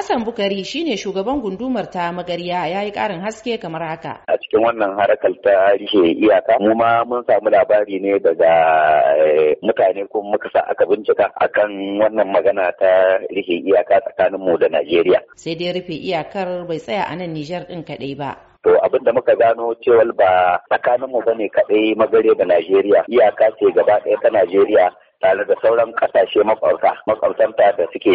Hassan Bukari shine shugaban gundumar ta magarya ya yi karin haske kamar haka. A cikin wannan harakar ta rike iyaka mu ma mun samu labari ne daga eh, mutane kuma muka sa aka bincika akan wannan magana ta rike iyaka tsakanin mu da Najeriya. Sai dai rufe iyakar bai tsaya a nan Nijar din kaɗai ba. To abin da muka gano cewa ba tsakanin mu bane kadai magare da Najeriya iyaka ce gaba ɗaya ta Najeriya tare da sauran kasashe makwabta makwabtanta da suke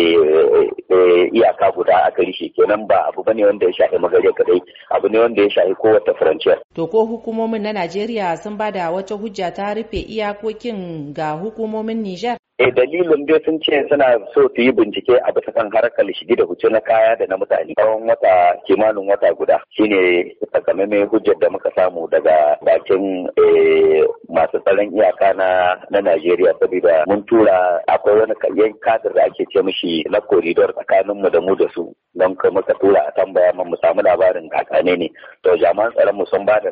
eh, iyaka guda a gari shi kenan ba abu bane wanda ya shafi magare kadai abu ne wanda ya shafi kowace faranciyar. to ko hukumomin na najeriya sun bada wata hujja ta rufe iyakokin ga hukumomin nijar eh dalilin dai sun ce suna so su yi bincike a bisa kan harkar shigi da huce na kaya da na mutane tsawon wata kimanin wata guda shine takamaimai hujjar da muka samu daga bakin eh, masu tsaron iyaka na na Najeriya saboda mun tura akwai wani kayan kadar da ake ce mishi na koridor tsakanin mu da mu da su don ka muka tura a tambaya mu samu labarin kakane ne to jami'an tsaron mu sun ba da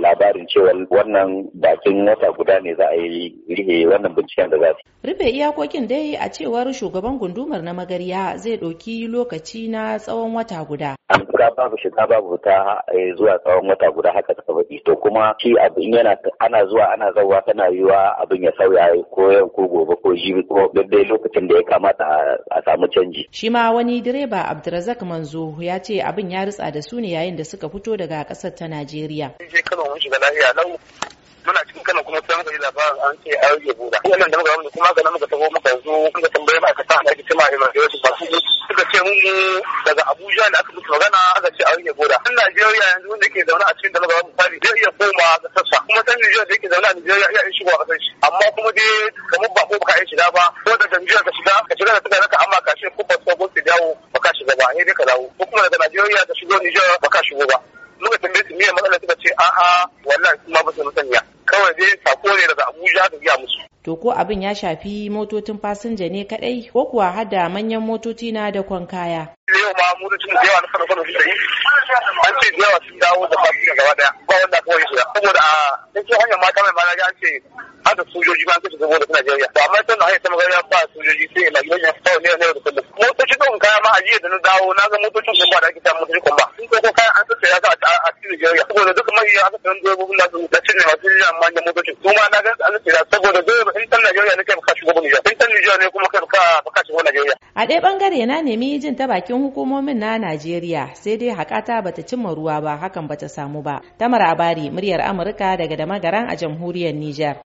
labarin cewa wannan bakin wata guda ne za a yi rihe wannan binciken da za su. Rufe iyakokin dai a cewar shugaban gundumar na magarya zai ɗauki lokaci na tsawon wata guda. guda babu shiga babu fita eh, zuwa tsawon wata guda haka ta faɗi to kuma shi abin yana ana zuwa ana zawa tana yiwa abin ya sauya ko yau ko gobe ko jibi ko dai lokacin da ya kamata a samu canji. Shi ma wani direba Abdulrazak Manzo ya ce abin ya ritsa da su ne yayin da suka fito daga ƙasar ta Najeriya. shiga lafiya lau muna cikin kanan kuma sun muka yi labarin an ce an ya buda. Wannan da muka yi kuma ga nan muka tabo muka zo muka tambaye ma'aikata da ake cewa emergency ba su lemun mu daga Abuja da aka musu magana aka ce a rage goda. Ɗan Najeriya yanzu wanda ke zaune a cikin dalibar mu fari zai iya koma sassa. Kuma ɗan Najeriya da yake zaune a Najeriya iya yin shigo a ƙasar shi. Amma kuma dai kamar ba ko ba ka iya shiga ba ko da Najeriya ka shiga ka shiga da tuka naka amma ka shiga ko ba ko ka dawo ba ka shiga ba Ni dai ka dawo. Ko kuma daga Najeriya ka shigo Nijar ba ka shigo ba. Muka tambaye su miyan matsalar suka ce a'a wallahi kuma ba su ya. Kawai dai sako ne daga Abuja da gaya musu. to ko abin ya shafi motocin fasinja ne kadai ko kuwa hada manyan motoci na da kwan kaya. Yau ma motocin da yawa na ce yawa ba a mana an ce ba su a jiya da na dawo na ga motocin ba da ake samun motocin saboda duk mai ya aka dogon da da masu yin manyan motocin su na ga an saboda dole in san Najeriya ne kai shigo in san ne kuma kai baka baka shigo Najeriya a ɗaya bangare na nemi jin ta bakin hukumomin na Najeriya sai dai hakata bata cimma ruwa ba hakan bata samu ba Tamar Abari muryar Amurka daga Damagaran a jamhuriyar Nijar